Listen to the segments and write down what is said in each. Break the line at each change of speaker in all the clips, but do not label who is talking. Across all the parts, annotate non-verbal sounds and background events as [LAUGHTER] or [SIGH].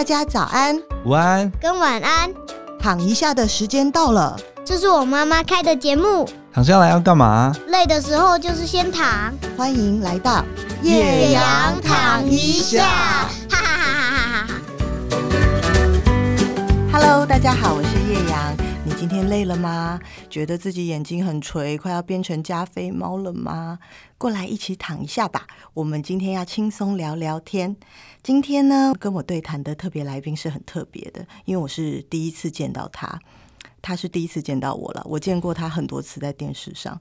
大家早安，午安，跟晚安。躺一下的時間到了，這是我媽媽開的節目。
躺下來要幹嘛？
累的時候就是先躺。歡迎來到葉揚躺一下，哈哈哈哈哈哈。Hello，大家好，我是葉揚。今天累了嗎？覺得自己眼睛很垂，快要變成加菲貓了嗎？過來一起躺一下吧。我們今天要輕鬆聊聊天。今天呢，跟我對談的特別來賓是很特別的，因為我是第一次見到他，他是第一次見到我了。我見過他很多次在電視上，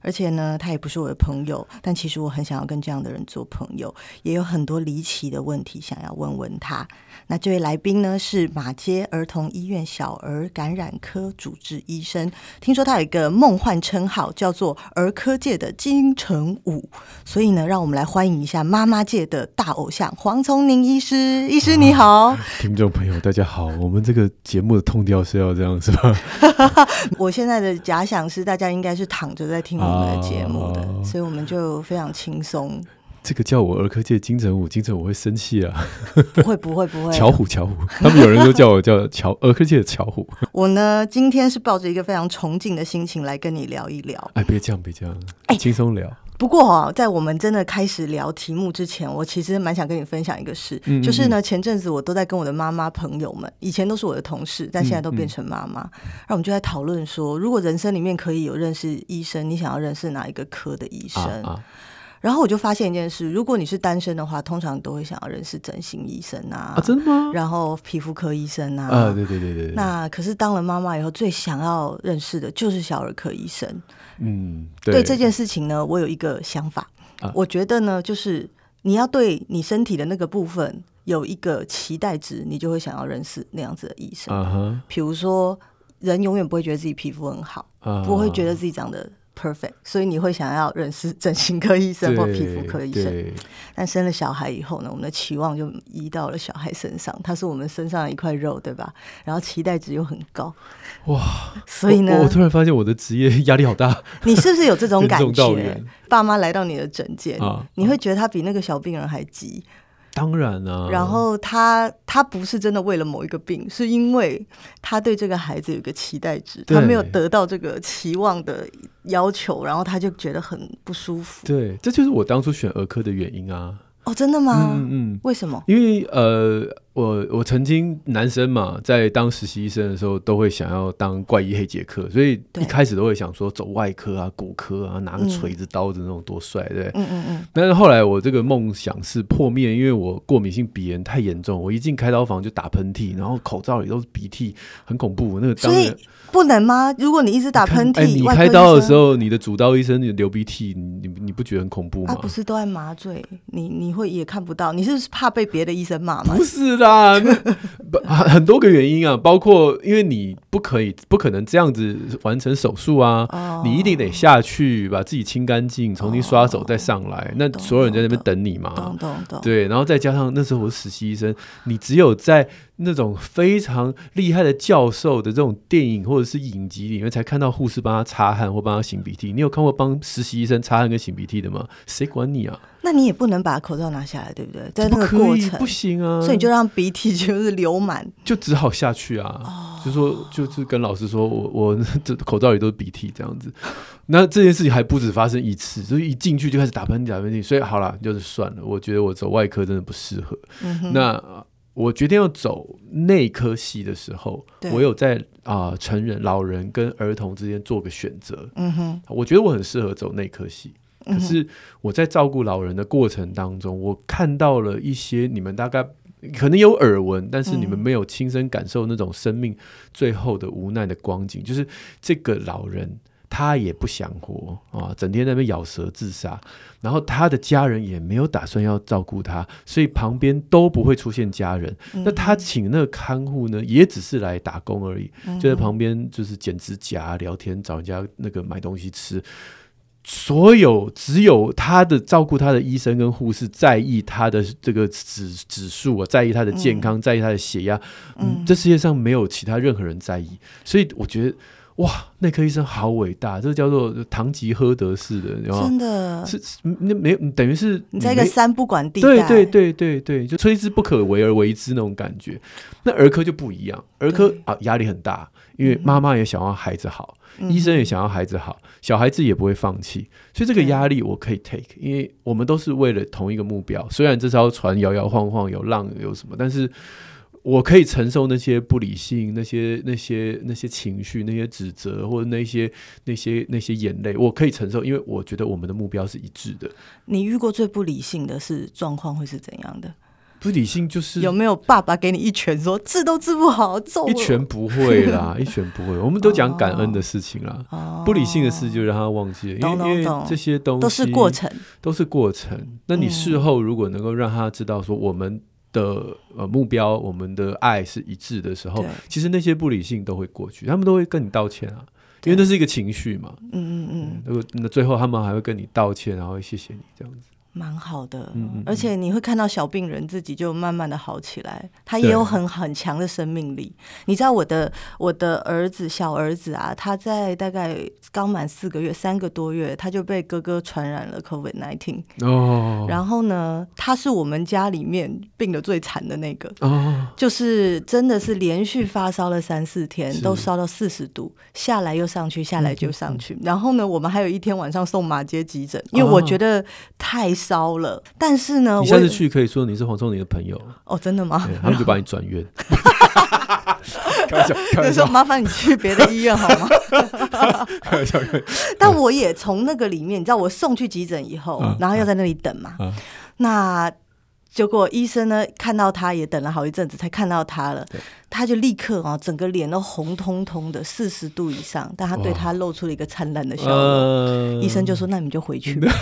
而且呢，他也不是我的朋友，但其實我很想要跟這樣的人做朋友，也有很多離奇的問題想要問問他。那這位來賓呢，是馬偕兒童醫院小兒感染科主治醫生，聽說他有一個夢幻稱號，叫做兒科界的金城武，所以呢，讓我們來歡迎一下媽媽界的大偶像黃瑽寧醫師。醫師、啊、你好，
聽眾朋友大家好，我們這個節目的 tone 調是要這樣是吧？
[LAUGHS] [LAUGHS] 我現在的假想是大家應該是躺着在聽我們的節目的、啊，所以我們就非常輕鬆。
這個叫我兒科界金城武，金城武會生氣啊！不會不會不會， [LAUGHS] 巧虎巧虎， [LAUGHS] 他們有人都叫我叫巧 [LAUGHS] 兒科界的巧虎。
我呢，今天是抱着一個非常崇敬的心情來跟你聊一聊。
哎，別這樣，別這樣，哎，輕鬆聊。
不過啊，在我們真的開始聊題目之前，我其實蠻想跟你分享一個事，嗯嗯嗯，就是呢，前陣子我都在跟我的媽媽朋友們，以前都是我的同事，但現在都變成媽媽，然後、嗯嗯、我們就在討論說，如果人生裡面可以有認識醫生，你想要認識哪一個科的醫生？啊啊然後我就發現一件事，如果你是單身的話，通常都會想要認識整形醫生啊，啊真的嗎？然後皮膚科醫生啊，啊對對對對。那可是當了媽媽以後，最想要認識的就是小兒科醫生。嗯，對。對這件事情呢，我有一個想法，啊，我覺得呢，就是你要對你身體的那個部分有一個期待值，你就會想要認識那樣子的醫生。嗯、啊，比如說人永遠不會覺得自己皮膚很好，不會覺得自己長得。Perfect，所以你會想要認識整形科醫生或皮膚科醫生。但生了小孩以後呢，我們的期望就移到了小孩身上，他是我們身上的一塊肉，對吧？然後期待值又很高，
哇！所以呢我我，我突然發現我的職業壓力好大。你是不是有這種感覺？
爸媽來到你的診間，啊，你會覺得他比那個小病人還急。
當然啊，然
後他他不是真的為了某一個病，是因為他對這個孩子有個期待值，他沒有得到這個期望的要求，然後他就覺得很不舒服。對，這就是我
當初選兒科的原因啊！
哦，真的嗎？嗯嗯，為什麼？因
為呃。我我曾經男生嘛，在當實習醫生的時候，都會想要當怪醫黑傑克，所以一開始都會想說走外科啊、骨科啊，拿個錘子、刀子那種多帥、嗯，對。嗯嗯嗯。但是後來我這個夢想是破滅，因為我過敏性鼻炎太嚴重，我一進開刀房就打噴嚏，然後口罩裡都是鼻涕，很恐怖。那個當然，
所以不能嗎？如果你一直打噴嚏你、欸，你開刀的時候，
你的主刀醫生你的流鼻涕，你你不覺得很恐怖嗎？他、啊、不
是，都在麻醉，你你會也看不到，你是不是怕被別的醫生罵嗎？不是。
啊，很很多個原因啊，包括因為你不可以、不可能這樣子完成手術啊，你一定得下去把自己清乾淨，重新刷手再上來。那所有人在那邊等你嘛。對，然後再加上那時候我是實習醫生，你只有在那種非常厲害的教授的這種電影或者是影集裡面才看到護士幫他擦汗或幫他擤鼻涕。你有看過幫實習醫生擦汗跟擤鼻涕的嗎？誰管你啊？
那你也不能把口罩拿下來，對不對？不可以，在那個過程不行啊，所以你就讓鼻涕就是流滿，就
只好下去啊。Oh. 就說就是跟老師說，我我這口罩裡都是鼻涕這樣子。那這件事情還不止發生一次，就一進去就開始打噴嚏打噴嚏。所以好了，就是算了。我覺得我走外科真的不適合。嗯哼，那我決定要走內科系的時候，我有在啊、呃、成人、老人跟兒童之間做個選擇。嗯哼，我覺得我很適合走內科系。可是我在照顧老人的過程當中，嗯、我看到了一些你們大概可能有耳聞，但是你們沒有親身感受那種生命最後的無奈的光景。嗯、就是這個老人他也不想活啊，整天在那邊咬舌自殺，然後他的家人也沒有打算要照顧他，所以旁邊都不會出現家人。嗯、那他請那個看護呢，也只是來打工而已，嗯、就在旁邊就是剪指甲、聊天、找人家那個買東西吃。所有，只有他的照顧他的醫生跟護士在意他的這個指指數，我在意他的健康，嗯、在意他的血壓、嗯。嗯，這世界上沒有其他任何人在意，所以我覺得。哇，內科醫生好偉大，這個叫做堂吉訶德式的，你知道嗎？真的，是那沒等於是你，你在一個三不管地帶，對對對對對，就推之不可為而為之那種感覺。那兒科就不一樣，兒科啊壓力很大，因為媽媽也想要孩子好，嗯，醫生也想要孩子好，小孩子也不會放棄，所以這個壓力我可以 take，因為我們都是為了同一個目標。雖然這艘船搖搖晃，晃晃，有浪，有什麼，但是。我可以承受那些不理性、那些那些那些情緒、那些指責或者那些那些那些，那些眼淚，我可以承受，因為我覺得我們的目標是一致的。
你遇過最不理性的是狀況會是怎樣的？不理性就是有沒有爸爸給你一拳說，說治都治不好，揍！一拳不會啦，
[LAUGHS] 一拳不會。我們都講感恩的事情啦，oh, 不理性的事就讓他忘記了，因、oh. 為、欸欸、這些東西都是過程，都是過程、嗯。那你事後如果能夠讓他知道說我們。的呃目標，我們的愛是一致的時候，其實那些不理性都會過去，他們都會跟你道歉啊，因為那是一個情緒嘛，嗯嗯嗯，那最後他們還會跟你道歉，然後謝謝你這樣子。
蠻好的，而且你會看到小病人自己就慢慢的好起來，他也有很很強的生命力。你知道我的我的兒子小兒子啊，他在大概剛滿四個月，三個多月他就被哥哥傳染了 COVID nineteen。
哦、oh.。然
後呢，他是我們家裡面病得最慘的那個，哦、oh.，就是真的是連續發燒了三四天，oh. 都燒到四十度，下來又上去，下來就上去。Okay. 然後呢，我們還有一天晚上送馬偕急診，因為我覺得太。燒了，但是呢，你下次去
可以說你是黃瑽寧的朋友
哦，真的嗎、嗯然後？他們就把
你轉院，
[LAUGHS] [LAUGHS] 開玩笑，開玩笑，麻煩你去別的醫院好嗎？開玩笑，但我也從那個裡面，你知道，我送去急診以後，嗯、然後又在那裡等嘛，嗯嗯、那。結果醫生呢，看到他也等了好一陣子，才看到他了，他就立刻啊整個臉都紅彤彤的，四十度以上，但他對他露出了一個燦爛的笑容。醫生就說：“嗯、那你們就回去吧。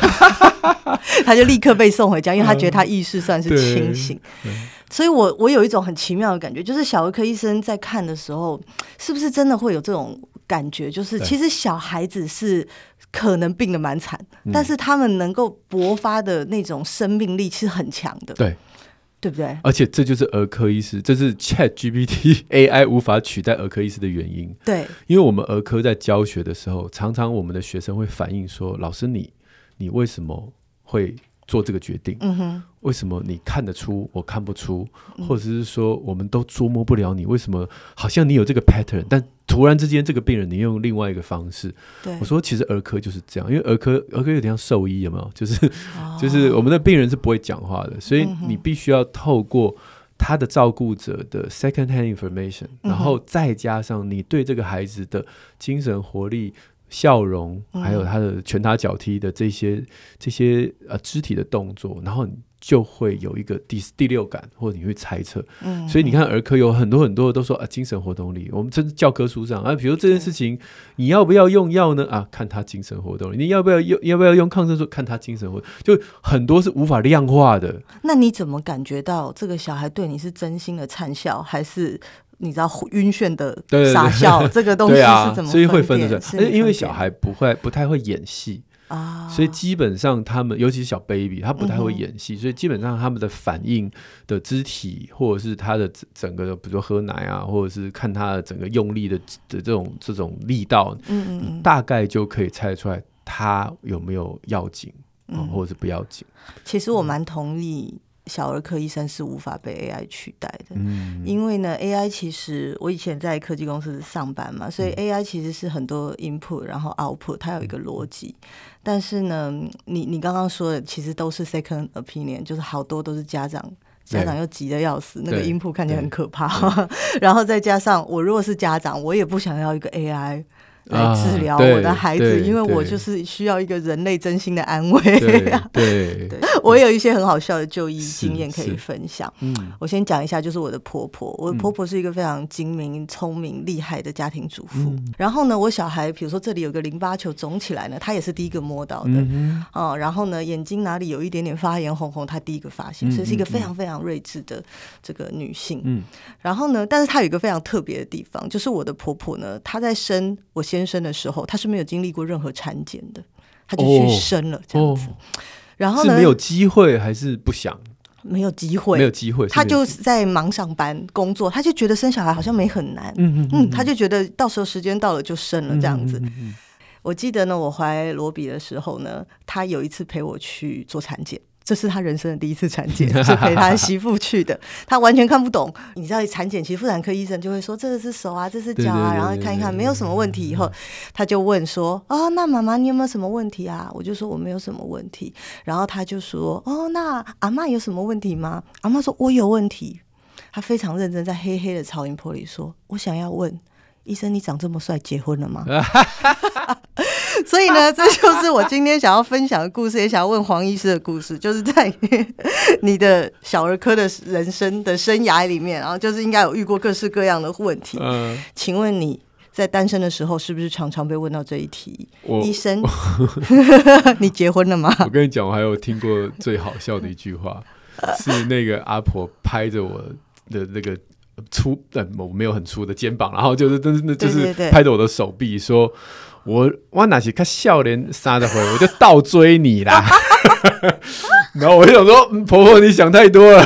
[LAUGHS] ”他就立刻被送回家，嗯，因為他覺得他意識算是清醒。所以我，我我有一種很奇妙的感覺，就是小兒科醫生在看的時候，是不是真的會有這種感覺？就是其實小孩子是。可能病得蠻慘，但是他們能夠勃發的那種生命力是很強的，對對不對？
而且這就是兒科醫師，這是 ChatGPT AI 無法取代兒科醫師的原因。對，因為我們兒科在教學的時候，常常我們的學生會反映說：“老師你，你你為什麼會？”做這個決定、嗯哼，為什麼你看得出我看不出，或者是說我們都捉摸不了你？嗯、為什麼好像你有這個 pattern，但突然之間這個病人你用另外一個方式？對、我說其實兒科就是這樣，因為兒科兒科有點像獸醫，有沒有？就是、哦、就是我們的病人是不會講話的，所以你必須要透過他的照顧者的 second hand information，、嗯、然後再加上你對這個孩子的精神活力。笑容，還有他的拳打腳踢的這些、嗯、這些呃肢體的動作，然後你就會有一個第第六感，或者你會猜測。嗯，所以你看兒科有很多很多的都說啊，精神活動力，我們這教科書上啊，比如這件事情、嗯，你要不要用藥呢？啊，看他精神活動力，你要不要用要不要用抗生素？看他精神活動，就很多是無法量化的。
那你怎麼感覺到這個小孩對你是真心的燦笑還是？你知道暈眩的傻笑對對對對對，這個東西是怎麼、啊？所以會分得出來，因為
小孩不會不太會演戲、啊、所以基本上他們，尤其是小 baby，他不太會演戲、嗯，所以基本上他們的反應的肢體，或者是他的整個，比如說喝奶啊，或者是看他的整個用力的的這種這種力道，嗯嗯，嗯，嗯，大概就可以猜出來他有沒有要緊或者是不要緊。
其實我蠻同意。嗯小兒科醫生是無法被 AI 取代的，嗯、因為呢，AI 其實我以前在科技公司上班嘛，所以 AI 其實是很多 input 然後 output，它有一個邏輯、嗯。但是呢，你你剛剛說的其實都是 second opinion，就是好多都是家長，家長又急得要死，那個 input 看起來很可怕。 [LAUGHS] 然後再加上我如果是家長，我也不想要一個 AI。來治療我的孩子，啊，因為我就是需要一個人類真心的安慰。對，對 [LAUGHS] 對我也有一些很好笑的就醫經驗可以分享。嗯、我先講一下，就是我的婆婆。我的婆婆是一個非常精明、聰明、厲害的家庭主婦。嗯、然後呢，我小孩比如說這裡有個淋巴球腫起來呢，她也是第一個摸到的，嗯。哦，然後呢，眼睛哪裡有一點點發炎、紅紅，她第一個發現，嗯嗯嗯，所以是一個非常非常睿智的這個女性。嗯，然後呢，但是她有一個非常特別的地方，就是我的婆婆呢，她在生我。先生的時候，他是沒有經歷過任何產檢的，他就去生了這樣子。Oh. Oh. 然後呢，是沒有
機會還是不想？沒有機
會，沒有機會，是沒有機會。他就在忙上班工作，他就覺得生小孩好像沒很難。嗯、mm、嗯 -hmm. 嗯，他就覺得到時候時間到了就生了這樣子。Mm -hmm. 我記得呢，我懷羅比的時候呢，他有一次陪我去做產檢。這是他人生的第一次產檢，是陪他媳婦去的。他完全看不懂，你知道檢，產檢其實婦產科醫生就會說：“這個是手啊，這是腳啊。”然後看一看沒有什麼問題以後，他就問說：“啊、哦，那媽媽你有沒有什麼問題啊？”我就說：“我沒有什麼問題。”然後他就說：“哦，那阿嬤有什麼問題嗎？”阿嬤說：“我有問題。”他非常認真，在黑黑的超音波裡說：“我想要問。”醫生，你長這麼帥，結婚了嗎？ [LAUGHS] [LAUGHS] 所以呢，這就是我今天想要分享的故事，也想要問黃醫師的故事，就是在你的小兒科的人生的生涯裡面啊，然後就是應該有遇過各式各樣的問題。嗯、呃，請問你在單身的時候，是不是常常被問到這一題？我醫生， [LAUGHS] 你結婚了
嗎？我跟你講，我還有聽過最好笑的一句話， [LAUGHS] 是那個阿婆拍着我的那個。粗，呃、嗯，我沒有很粗的肩膀，然後就是真就是拍着我的手臂，說：“對對對我哇，哪些看笑臉殺的回我就倒追你啦。 [LAUGHS] ” [LAUGHS] 然後我就想說、嗯：“婆婆，你想太多了。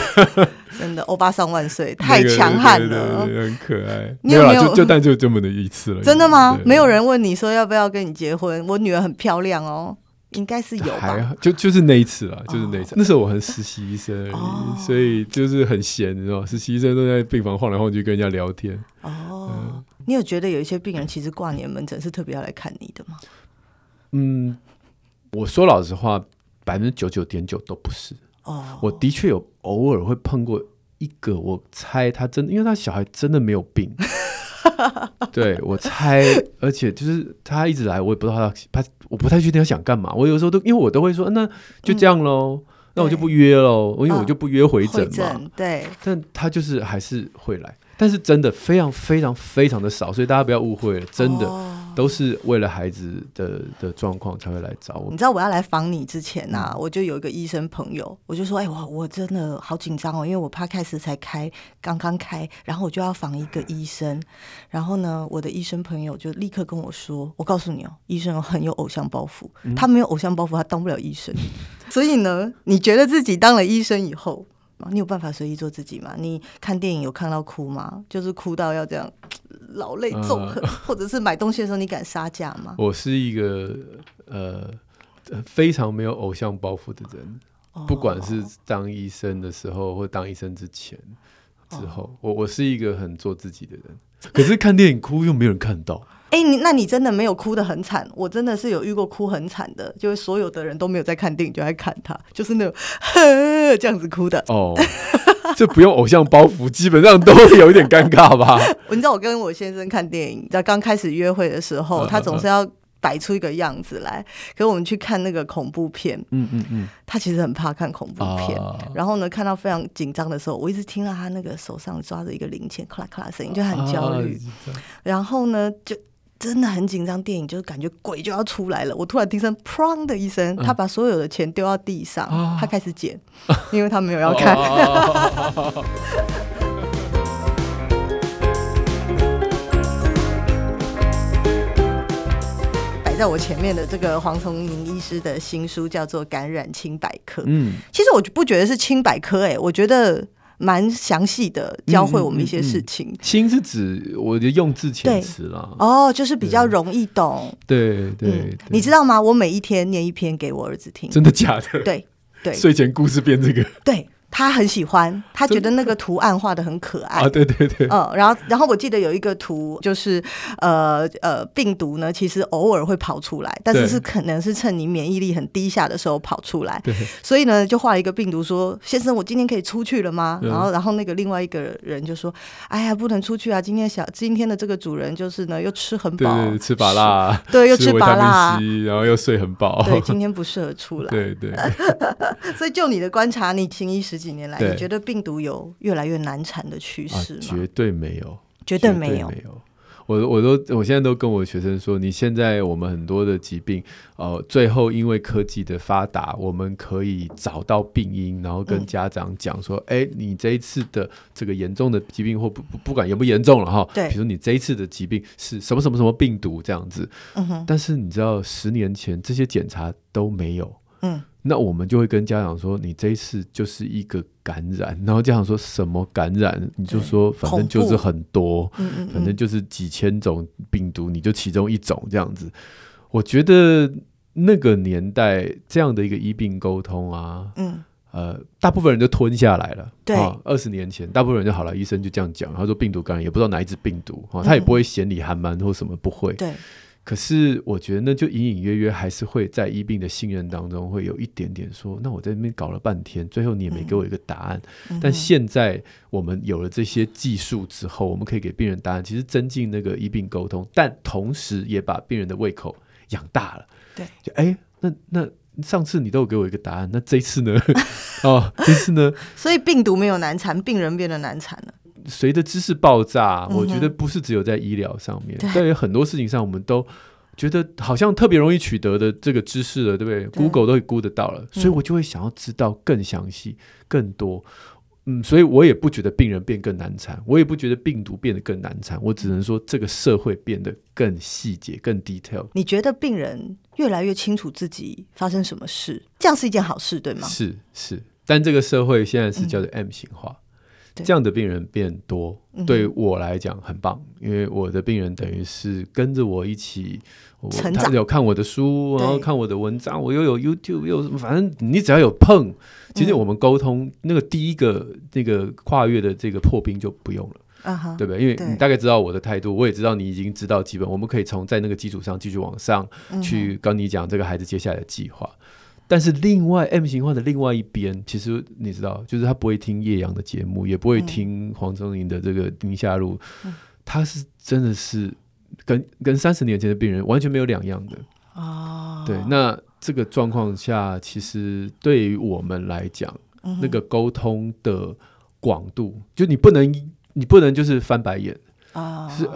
[LAUGHS] ”真的，歐巴桑萬歲，太強悍了、那個對對對對，很可愛。你有沒有了，就就但就這麼的一次了。真的嗎？沒有人問你說要不要跟你結婚？我女兒很漂亮哦。應該是有還
就就是那一次了，就是那一次。Oh, 那一次 okay. 那時候我很實習醫生而已，oh. 所以就是很閒，你知道嗎？實習醫生都在病房晃來晃去，跟人家聊天。
哦、oh. 呃，你有覺得有一些病人其實掛你的門診是特別要來看你的嗎？嗯，
我說老實話，百分之九十九點九都不是哦。Oh. 我的確有偶爾會碰過一個，我猜他真的，因為他小孩真的沒有病。 [LAUGHS] 對，我猜。而且就是他一直來，我也不知道他他我不太確定他想幹嘛。我有時候都因為我都會說，那就這樣嘍、嗯，那我就不約嘍、嗯，因為我就不約回診嘛、嗯。對，但他就是還是會來，但是真的非常非常非常的少，所以大家不要誤會了，真的。哦都是為了孩子的的狀況才會來找我。
你知道我要來訪你之前啊、嗯，我就有一個醫生朋友，我就說，哎，我我真的好緊張哦，因為我怕開始才開，剛剛開，然後我就要訪一個醫生。然後呢，我的醫生朋友就立刻跟我說，我告訴你哦，醫生很有偶像包袱，嗯、他沒有偶像包袱，他當不了醫生、嗯。所以呢，你覺得自己當了醫生以後，你有辦法隨意做自己嗎？你看電影有看到哭嗎？就是哭到要這樣。老淚縱橫，或者是買東西的時候，你敢殺價嗎？我
是一個呃非常沒有偶像包袱的人，哦、不管是當醫生的時候，或當醫生之前之後，哦、我我是一個很做自己的人、哦。可是看電影哭又沒有人看到。
哎、 [LAUGHS] 欸，你那你真的沒有哭得很慘？我真的是有遇過哭很慘的，就是所有的人都沒有在看電影，就在看他，就是那種呵這樣子哭的哦。
[LAUGHS] 就不用偶像包袱， [LAUGHS] 基本上都會有一點尷尬吧。你 [LAUGHS] 知
道我跟我先生看電影，在剛開始約會的時候，他總是要擺出一個樣子來。嗯嗯嗯，可是我們去看那個恐怖片，嗯嗯嗯，他其實很怕看恐怖片，啊。然後呢，看到非常緊張的時候，我一直聽到他那個手上抓着一個零錢，咔啦咔啦聲音，就很焦慮。啊、然後呢，就。真的很緊張，電影就是感覺鬼就要出來了。我突然聽聲“砰”的一聲，他把所有的錢丟到地上，嗯、他開始撿、哦，因為他沒有要看、哦 [LAUGHS] 哦。擺在我前面的這個黃瑽寧醫師的新書叫做《感染輕百科》。嗯，其實我就不覺得是輕百科、欸，我覺得。蠻詳細的教會我們一些事情，親、嗯
嗯嗯嗯、是指我就用字遣詞了，
哦，就是比較容易懂，對
對，對、嗯、對。
你知道嗎？我每一天念一篇給我兒子聽，真的假的？對對，睡
前故事編這個
對。他很喜歡，他覺得那個圖案畫的很可愛。啊，
對對對，嗯，
然後然後我記得有一個圖，就是呃呃，病毒呢，其實偶爾會跑出來，但是是可能是趁你免疫力很低下的時候跑出來。對，所以呢，就畫了一個病毒說：“先生，我今天可以出去了嗎？”嗯、然後然後那個另外一個人就說：“哎呀，不能出去啊，今天小今天的這個主人就是呢，又吃很飽，對對對吃飽啦，對，又吃飽啦，吃維他命 C, 然後又睡很飽，對，今天不適合出來。對對， [LAUGHS] 所以就你的觀察，你行醫時間，”幾年來，你覺得病毒有越來越難纏的趨勢嗎？啊，絕
對沒有，絕對沒有。我我都我現在都跟我學生說，你現在我們很多的疾病，呃，最後因為科技的發達，我們可以找到病因，然後跟家長講說，哎，嗯，欸，你這一次的這個嚴重的疾病或不不，不管嚴不嚴重了哈，對，比如你這一次的疾病是什麼什麼什麼病毒這樣子，嗯哼。但是你知道，十年前這些檢查都沒有，嗯。那我們就會跟家長說你這一次就是一個感染，然後家長說什麼感染？你就說反正就是很多，反正就是幾千種病毒，嗯嗯嗯，你就其中一種這樣子。我覺得那個年代這樣的一個醫病溝通啊、嗯，呃，大部分人就吞下來了。對，哦、二十年前，大部分人就好了。醫生就這樣講，他說病毒感染，也不知道哪一支病毒、哦、他也不會嫌你寒蠻或什麼不會。可是我覺得呢，就隱隱約約還是會在醫病的信任當中會有一點點說，那我在那邊搞了半天，最後你也沒給我一個答案。嗯嗯、但現在我們有了這些技術之後，我們可以給病人答案，其實增進那個醫病溝通，但同時也把病人的胃口養大了。對，就哎、欸，那那上次你都有給我一個答案，那這次呢？ [LAUGHS] 哦，這次呢？
所以病毒沒有難纏，病人變得難纏了。
隨着知識爆炸、嗯，我覺得不是只有在醫療上面，在有很多事情上，我們都覺得好像特別容易取得的這個知識了，對不對？Google 都可以估得到了，所以我就會想要知道更詳細、嗯、更多。嗯，所以我也不覺得病人變更難纏，我也不覺得病毒變得更難纏、嗯，我只能說這個社會變得更細節、更 detail。
你覺得病人越來越清楚自己發生什麼事，這樣是一件好事，對嗎？是
是，但這個社會現在是叫做 M 型化。嗯嗯這樣的病人變多，對我來講很棒、嗯，因為我的病人等於是跟着我一起成長，我他有看我的書，然後看我的文章，我又有 YouTube，又有反正你只要有碰，其實我們溝通、嗯、那個第一個那個跨越的這個破冰就不用了，啊哈、對不對？因為你大概知道我的態度，我也知道你已經知道基本，我們可以從在那個基礎上繼續往上去跟你講這個孩子接下來的計劃。嗯但是另外 M 型化的另外一邊，其實你知道，就是他不會聽葉揚的節目，也不會聽黃瑽寧的這個丁下路，他是真的是跟跟三十年前的病人完全沒有兩樣的、哦、對，那這個狀況下，其實對於我們來講、嗯，那個溝通的廣度，就你不能你不能就是翻白眼啊。哦就是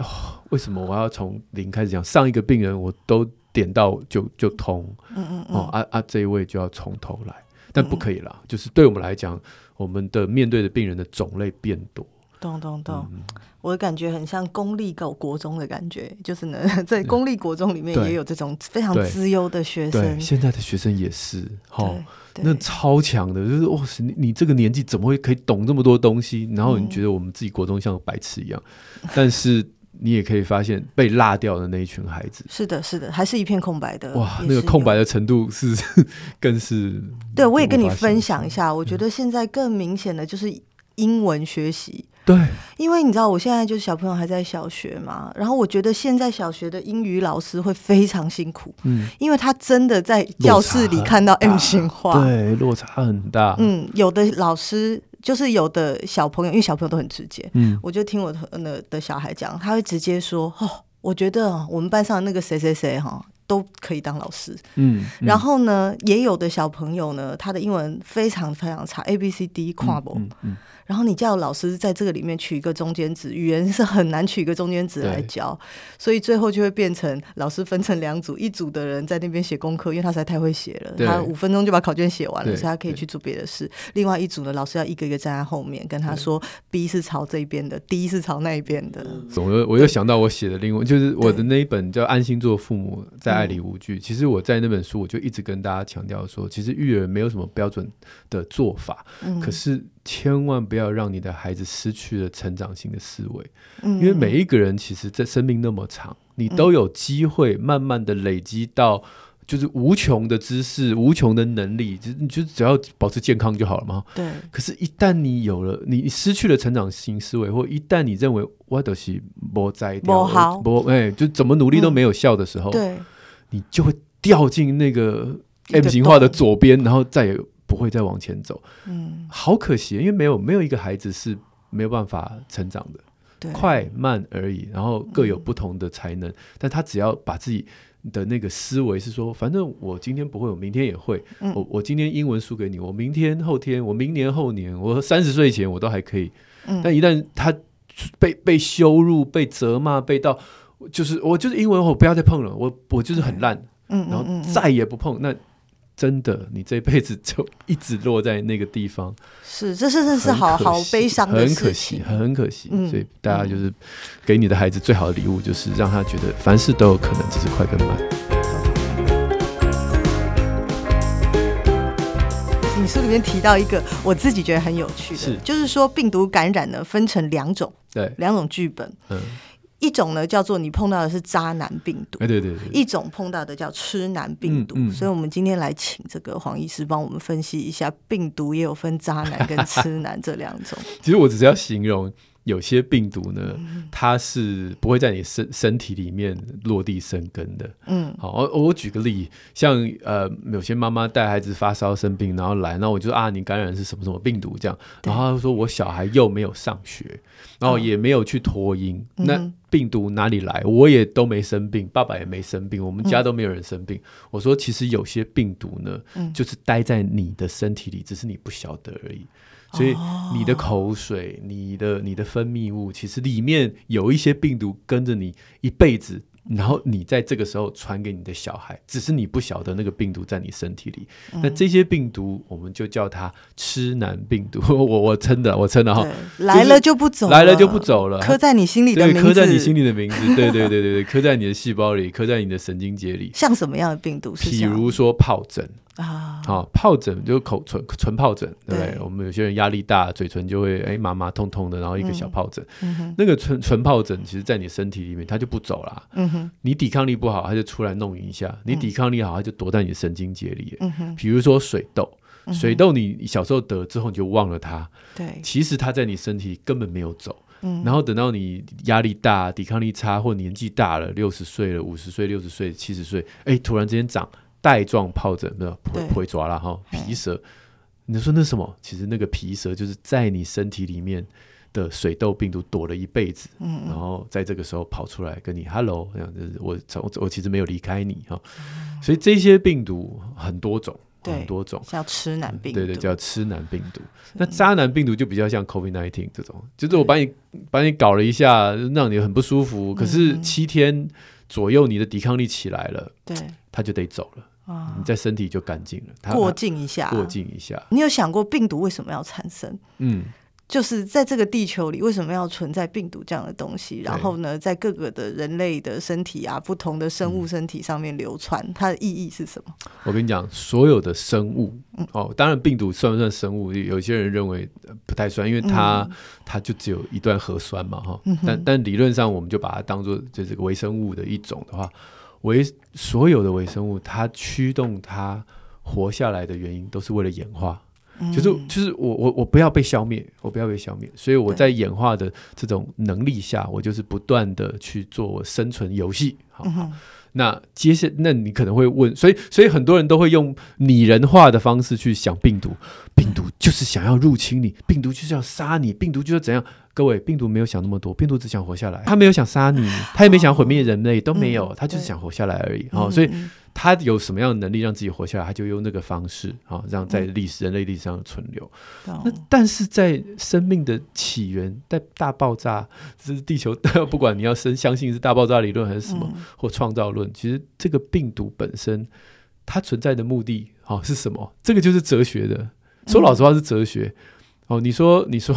為什麼我要從零開始講？上一個病人我都。點到就就通，嗯嗯嗯，哦啊啊這一位就要從頭來，但不可以啦。嗯、就是對我們來講，我們的面對的病人的種類變多。
懂懂懂，我的感覺很像公立高國中的感覺，就是呢，在公立國中裡面也有這種非常資優的學生。現
在的學生也是，哦，那超強的，就是哇塞，你這個年紀怎麼會可以懂這麼多東西？然後你覺得我們自己國中像個白痴一樣，嗯、但是。 [LAUGHS] 你也可以發現被落掉的那一群孩子，
是的，是的，還是一片空白的。哇，那個空白
的程度是更是。對，我也跟你分
享一下，嗯、我覺得現在更明顯的就是英文學習。對，因為你知道我現在就是小朋友還在小學嘛，然後我覺得現在小學的英語老師會非常辛苦，嗯，因為他真的在教室裡看到 M 型化，啊，對，
落差很大。
嗯，有的老師。就是有的小朋友，因為小朋友都很直接，嗯，我就聽我的的小孩講，他會直接說，哦，我覺得我們班上的那個誰誰誰哈都可以當老師。嗯，嗯，然後呢，也有的小朋友呢，他的英文非常非常差，A B C D 跨嗯。嗯嗯然後你叫老師在這個裡面取一個中間值，語言是很難取一個中間值來教，所以最後就會變成老師分成兩組，一組的人在那邊寫功課，因為他實在太會寫了，他五分鐘就把考卷寫完了，所以他可以去做別的事。另外一組的老師要一個一個站在後面跟他說 B，B 是朝這邊的，D 是朝那邊的。
我又我又想到我寫的另外就是我的那一本叫《安心做父母，在愛裡無懼》嗯。其實我在那本書我就一直跟大家強調說，其實育兒沒有什麼標準的做法，嗯，可是。千萬不要讓你的孩子失去了成長型的思維，嗯，因為每一個人其實這生命那麼長，嗯，你都有機會慢慢的累積到就是無窮的知識，嗯，無窮的能力，就你就只要保持健康就好了嘛。對。可是，一旦你有了，你失去了成長型思維，或一旦你認為我都是在不，在磨好，哎，就怎麼努力都沒有效的時候，嗯，對，你就會掉進那個 M 型化的左邊，然後再也。會再往前走，嗯，好可惜，因為沒有沒有一個孩子是沒有辦法成長的，對，快慢而已，然後各有不同的才能，嗯、但他只要把自己的那個思維是說，反正我今天不會，我明天也會，嗯、我我今天英文輸給你，我明天後天，我明年後年，我三十歲前我都還可以，嗯、但一旦他被被羞辱、被責罵、被到，就是我就是英文，我不要再碰了，我我就是很爛，嗯，然後再也不碰嗯嗯嗯嗯那。真的，你這輩子就一直落在那個地方。
是，這是這是好好悲傷的事情，很可惜，
很可惜，嗯。所以大家就是給你的孩子最好的禮物，就是讓他覺得凡事都有可能，只是快跟慢。
你書裡面提到一個我自己覺得很有趣的，是，就是說病毒感染呢，分成兩種，對，兩種劇本。嗯。一種呢，叫做你碰到的是渣男病毒。
哎、對對對，一種
碰到的叫痴男病毒，嗯嗯，所以我們今天來請這個黃醫師幫我們分析一下，病毒，也有分渣男跟痴男這兩種。
[LAUGHS] 其實我只是要形容。有些病毒呢、嗯，它是不會在你身身體裡面落地生根的。嗯，好，我我舉個例，像呃，有些媽媽帶孩子發燒生病，然後來，然後我就啊，你感染是什麼什麼病毒這樣，然後他說我小孩又沒有上學，然後也沒有去托嬰、哦。那病毒哪裡來？我也都沒生病，爸爸也沒生病，我們家都沒有人生病。嗯、我說其實有些病毒呢、嗯，就是待在你的身體裡，只是你不曉得而已。所以你的口水、oh. 你的你的分泌物，其實裡面有一些病毒跟着你一輩子，然後你在這個時候傳給你的小孩，只是你不曉得那個病毒在你身體裡。嗯、那這些病毒，我們就叫它痴男病毒。我我真的我真的哈，來了就不走，來了就不走了，刻在你心裡的名字，刻在你心裡的名字，對對對對對，刻在你的細胞裡，刻 [LAUGHS] 在你的神經節裡。像什麼樣的病毒是？比如說皰疹。啊、oh. 哦，好，皰疹就口唇唇皰疹，對不對，對？我們有些人壓力大，嘴唇就會哎麻麻痛痛的，然後一個小皰疹、嗯嗯。那個唇唇皰疹其實，在你身體裡面它就不走了、嗯。你抵抗力不好，它就出來弄一下、嗯；你抵抗力好，它就躲在你的神經節裡、嗯。比如說水痘，水痘你小時候得之後你就忘了它、嗯。其實它在你身體根本沒有走、嗯。然後等到你壓力大、抵抗力差，或年紀大了，六十歲了、五十歲、六十歲、七十歲，哎，突然之間長。帶狀疱疹沒有，不會抓了哈、喔、皮蛇，你說那什麼？其實那個皮蛇就是在你身體裡面的水痘病毒躲了一輩子，嗯，然後在這個時候跑出來跟你 hello，這樣我我我其實沒有離開你哈、喔嗯，所以這些病毒很多種，很多種痴、嗯、對對對，叫痴男病毒，對對，叫痴男病毒，那渣男病毒就比較像 COVID-19 這種，就是我把你把你搞了一下，讓你很不舒服、嗯，可是七天左右你的抵抗力起來了，對。他就得走
了，啊，你
在身體就乾淨了。他，過
境一下，過境一下。你有想過病毒為什麼要產生？嗯，就是在這個地球裡為什麼要存在病毒這樣的東西？嗯、然後呢，在各個的人類的身體啊，不同的生物身體上面流傳，嗯，它的意義是什麼？
我跟你講，所有的生物、嗯、哦，當然病毒算不算生物？有些人認為不太算，因為它、嗯、它就只有一段核酸嘛，哈、嗯。但但理論上，我們就把它當做就是個微生物的一種的話。為所有的微生物，它驅動它活下來的原因，都是為了演化。嗯、就是就是我我我不要被消滅，我不要被消滅，所以我在演化的這種能力下，我就是不斷的去做我生存遊戲。好，好，嗯、那接下來那你可能會問，所以所以很多人都會用擬人化的方式去想病毒，病毒就是想要入侵你，病毒就是要殺你，病毒就是怎樣。各位，病毒沒有想那麼多，病毒只想活下來。他沒有想殺你，他也沒想毀滅人類，都沒有。他、嗯、就是想活下來而已啊、嗯哦！所以，他有什麼樣的能力讓自己活下來，他就用那個方式啊，讓、嗯哦、在歷史、嗯、人類歷史上存留、嗯。那但是在生命的起源，在大爆炸，這是地球，不管你要深相信是大爆炸理論還是什麼，嗯、或創造論，其實這個病毒本身它存在的目的好、哦，是什麼？這個就是哲學的。說老實話，是哲學。嗯。哦，你說你說，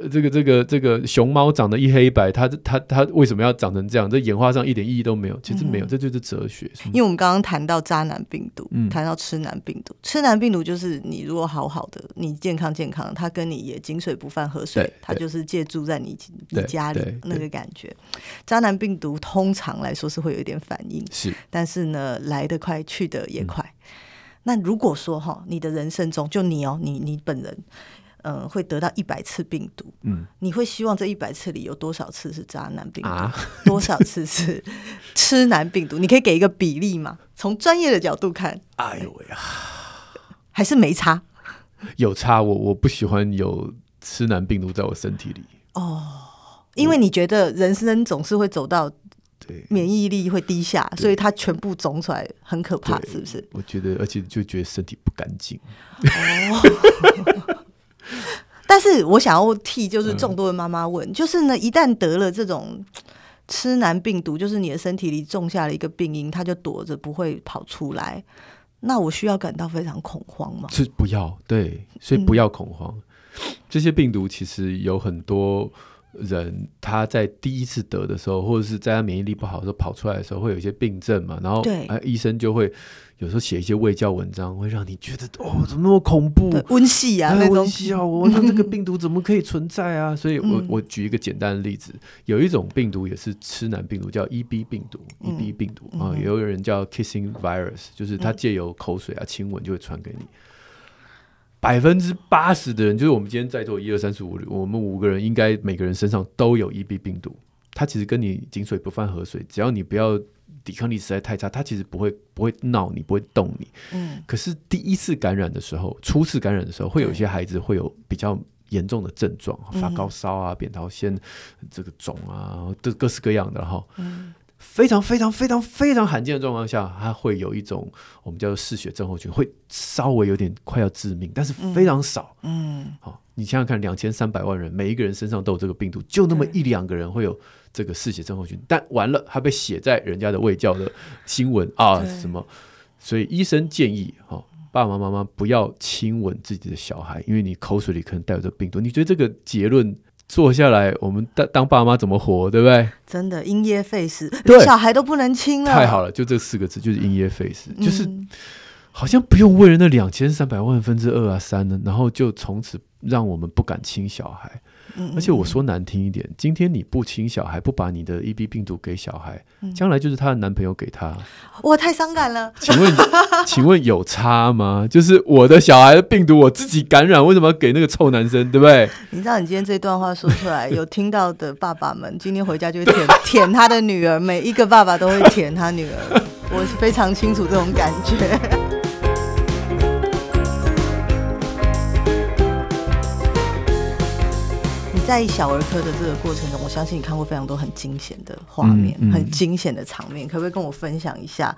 呃，這個這個這個熊貓長得一黑一白，它它它為什麼要長成這樣？這演化上一點意義都沒有，其實沒有，嗯、這就是哲學是。因為我
們剛剛談到渣男病毒、嗯，談到痴男病毒，痴男病毒就是你如果好好的，你健康健康，他跟你也井水不犯河水，他就是借住在你你家裡那個感覺。渣男病毒通常來說是會有一點反應，是，但是呢，來得快，去得也快。嗯、那如果說哈、哦，你的人生中，就你哦，你你本人。嗯，會得到一百次病毒。嗯，你會希望這一百次裡有多少次是渣男病毒，啊、多少次是痴男病毒？ [LAUGHS] 你可以給一個比例嗎？從專業的角度看，
哎呦喂、啊、
還是沒差？
有差，我我不喜歡有痴男病毒在我身體
裡。哦，因為你覺得人生總是會走到對免疫力會低下，所以他全部腫出來很可怕，是不是？
我覺得，而且就覺得身體不乾淨。哦。 [LAUGHS]
[LAUGHS] 但是我想要替就是眾多的媽媽問、嗯，就是呢，一旦得了這種痴男病毒，就是你的身體裡種下了一個病因，它就躲着不會跑出來，那我需要感到非常恐慌嗎？是
不要，對，所以不要恐慌。嗯、這些病毒其實有很多。人他在第一次得的時候，或者是在他免疫力不好的時候跑出來的時候，會有一些病症嘛。然後，哎、呃，醫生就會有時候寫一些衛教文章，會讓你覺得
哦，怎麼那麼恐怖？瘟疫啊、哎，那種。啊。我，那這個
病毒怎麼可以存在啊？ [LAUGHS] 所以我，我我舉一個簡單的例子，有一種病毒也是痴男病毒，叫 EB 病毒。EB 病毒啊，也、嗯嗯呃、有一個人叫 kissing virus，就是他借由口水啊、親、嗯、吻就會傳給你。百分之八十的人，就是我們今天在座一二三四五六，嗯、我們五個人應該每個人身上都有 EB 病毒。它其實跟你井水不犯河水，只要你不要抵抗力實在太差，它其實不會不會鬧你，不會動你、嗯。可是第一次感染的時候，初次感染的時候，會有一些孩子會有比較嚴重的症狀，發高燒啊，扁桃腺這個腫啊，都各式各樣的哈。非常非常非常非常罕見的狀況下，他會有一種我們叫做嗜血症候群，會稍微有點快要致命，但是非常少。嗯，好、嗯哦，你想想看，兩千三百萬人，每一個人身上都有這個病毒，就那麼一兩個人會有這個嗜血症候群，但完了還被寫在人家的衛教的新聞啊什麼？所以醫生建議哈、哦，爸爸媽、媽媽不要親吻自己的小孩，因為你口水裡可能帶着病毒。你覺得這個結論？坐下來，我們當當爸媽怎麼活，對不對？
真的因噎廢食，連小孩都不能親了。太好
了，就這四個字，就是因噎廢食，就是、嗯、好像不用為了那兩千三百萬分之二啊三呢、啊，然後就從此讓我們不敢親小孩。而且我說難聽一點，嗯嗯嗯，今天你不親小孩，不把你的 EB 病毒給小孩，將、嗯、來就是她的男朋友給她。
哇，太傷感了。請問 [LAUGHS]
請問有差嗎？就是我的小孩的病毒我自己感染，為什麼要給那個臭男生？對不對？你知道
你今天這段話說出來， [LAUGHS] 有聽到的爸爸們今天回家就會舔 [LAUGHS] 舔他的女兒，每一個爸爸都會舔他女兒。 [LAUGHS] 我是非常清楚這種感覺。 [LAUGHS] 在小兒科的這個過程中，我相信你看過非常多很驚險的畫面，嗯、很驚險的場面、嗯。可不可以跟我分享一下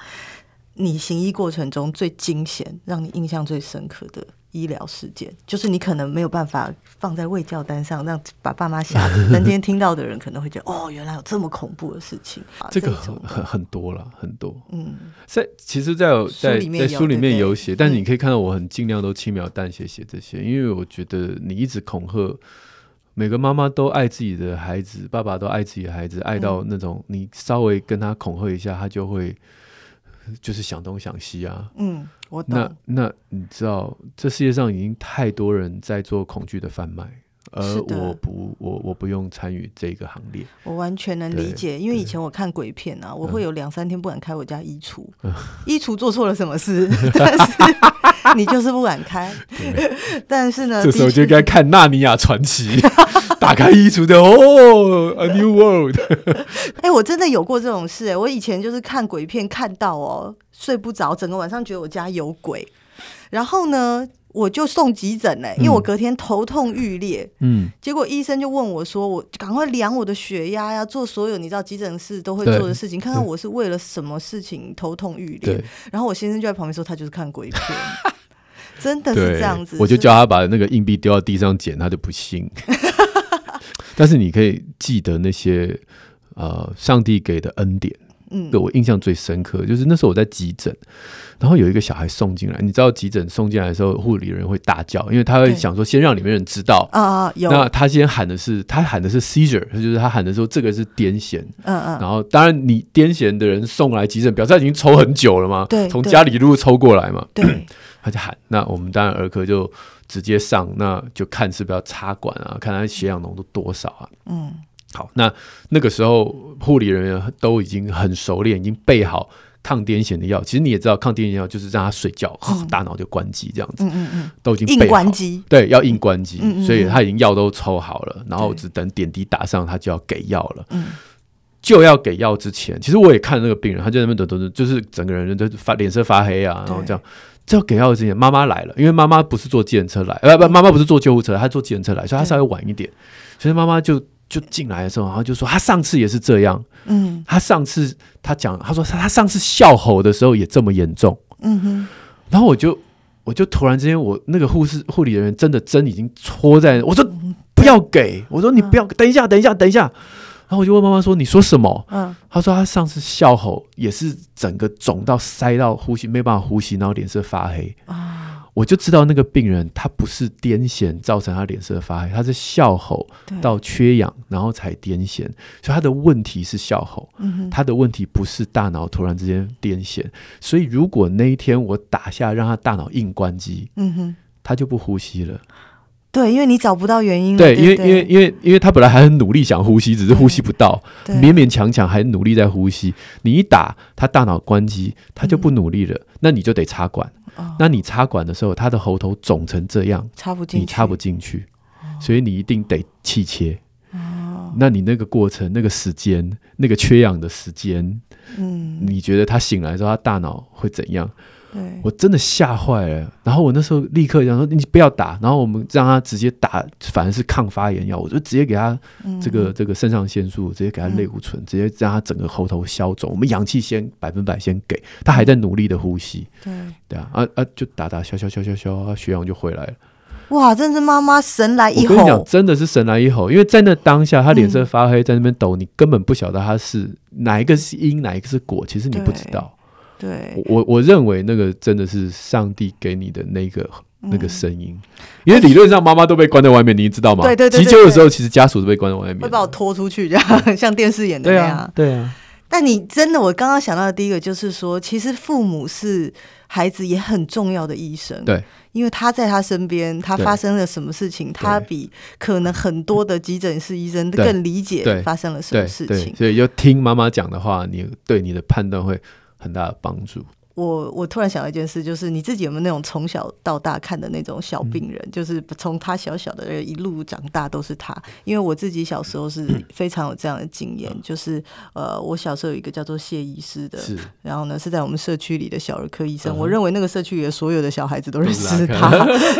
你行醫過程中最驚險、讓你印象最深刻的醫療事件？就是你可能沒有辦法放在衛教單上，讓把爸媽嚇死。 [LAUGHS] 但今天聽到的人可能會覺得，哦，原來有這麼恐怖的事情。啊、這個很這麼多
很多了，很多。嗯，在其實在，在在在書裡面有寫、嗯，但你可以看到，我很盡量都輕描淡寫寫這些，因為我覺得你一直恐嚇。每個媽媽都愛自己的孩子，爸爸都愛自己的孩子，愛到那種、嗯、你稍微跟他恐嚇一下，他就會就是想東想西啊。嗯，我懂。那那你知道，這世界上已經太多人在做恐懼的販賣。而、呃、我不，我我不用參與這個行列。
我完全能理解，因為以前我看鬼片啊，我會有兩三天不敢開我家衣櫥、嗯，衣櫥做錯了什麼事， [LAUGHS] 但是 [LAUGHS] [LAUGHS] 你就是不敢開。但是呢，這時候就應該看
《納尼亞傳奇，》 [LAUGHS] 打開衣櫥就哦，A New World [LAUGHS] 。
哎、 [LAUGHS] 欸，我真的有過這種事、欸。哎，我以前就是看鬼片，看到哦，睡不着，整個晚上覺得我家有鬼，然後呢，我就送急診呢、欸，因為我隔天頭痛欲裂。嗯，結果醫生就問我說：“我趕快量我的血壓呀、啊，做所有你知道急診室都會做的事情，看看我是為了什麼事情頭痛欲裂。”然後我先生就在旁邊說：“他就是看鬼片， [LAUGHS] 真的是這樣子。”我就叫
他把那個硬幣丟到地上撿，他就不信。 [LAUGHS] 但是你可以記得那些呃上帝給的恩典。嗯，對我印象最深刻就是那時候我在急診，然後有一個小孩送進來，你知道急診送進來的時候，護理人會大叫，因為他會想說先讓裡面人知道
啊啊，那他
先喊的是他喊的是 seizure，他就是他喊的說這個是癲癇，嗯嗯、啊，然後當然你癲癇的人送來急診，表示他已經抽很久了嘛，從家裡路抽過來嘛， [COUGHS] 他就喊，那我們當然兒科就直接上，那就看是不是要插管啊，看他血氧濃度多少啊，嗯。好，那那個時候護理人員都已經很熟練，已經備好抗癲癇的藥。其實你也知道，抗癲癇藥就是讓他睡覺，嗯哦、大腦就關機這樣子。嗯嗯嗯，都已經被關機，對，要硬關機、嗯嗯，所以他已經藥都抽好了，然後只等點滴打上，他就要給藥了。嗯，就要給藥之前，其實我也看那個病人，他就在那邊抖抖抖，就是整個人都發臉色發黑啊，然後這樣。就要給藥之前，媽媽來了，因為媽媽不是坐計程車來，嗯、呃不，媽媽不是坐救護車，她坐計程車來，所以她稍微晚一點。其實媽媽就。就進來的時候，然後就說他上次也是這樣，嗯，他上次他講，他說他上次笑吼的時候也這麼嚴重，嗯哼，然後我就我就突然之間，我那個護士護理人員真的針已經戳在，我說、嗯、不要給，我說你不要，等一下，等一下，等一下，然後我就問媽媽說你說什麼？嗯，他說他上次笑吼也是整個腫到塞到呼吸沒辦法呼吸，然後臉色發黑、嗯。我就知道那個病人，他不是癲癇造成他臉色發黑，他是哮吼到缺氧，然後才癲癇。所以他的問題是哮吼，嗯、他的問題不是大腦突然之間癲癇。所以如果那一天我打下讓他大腦硬關機、嗯，他就不呼吸了。
對，因為你找不到原因。對，對，對，對，因為因為
因為因為他本來還很努力想呼吸，只是呼吸不到，嗯、勉勉強強還努力在呼吸。你一打他大腦關機，他就不努力了。嗯、那你就得插管，哦。那你插管的時候，他的喉頭腫成這樣，插不進，你插不進去，哦。所以你一定得氣切，哦。那你那個過程，那個時間，那個缺氧的時間，
嗯，
你覺得他醒來之後，他大腦會怎樣？我真的嚇壞了，然後我那時候立刻想說，你不要打，然後我們讓他直接打，反而是抗發炎藥，我就直接給他這個、嗯、這個腎上腺素，直接給他類固醇、嗯，直接讓他整個喉頭消腫。我們氧氣先百分百先給他，還在努力的呼吸。對，對啊，啊啊就打打消消消消消，他、啊、血氧就回來
了。哇，真是媽媽神來一吼！我跟你講，
真的是神來一吼，因為在那當下他臉色發黑，在那邊抖、嗯，你根本不曉得他是哪一個是因，哪一個是果，其實你不知道。對，我我認為那個真的是上帝給你的那個、嗯、那個聲音，因為理論上，媽媽都被關在外面、嗯，你知道嗎？對對，對，對，對，急救的時候，其實家屬都被關在外面，對
對對對，會把我拖出去，這樣像電視演的那樣。對啊，對啊，但你真的，我剛剛想到的第一個就是說，其實父母是孩子也很重要的醫生，對，因為他在他身邊，他發生了什麼事情，他比可能很多的急診室醫生更理解發生了什麼事
情，所以要聽媽媽講的話，你對你的判斷會。很大的幫助。
我我突然想到一件事，就是你自己有沒有那種從小到大看的那種小病人，嗯、就是從他小小的一路長大都是他。因為我自己小時候是非常有這樣的經驗、嗯嗯，就是呃，我小時候有一個叫做謝醫師的，然後呢是在我們社區裡的小兒科醫生。嗯、我認為那個社區裡的所有的小孩子都是他。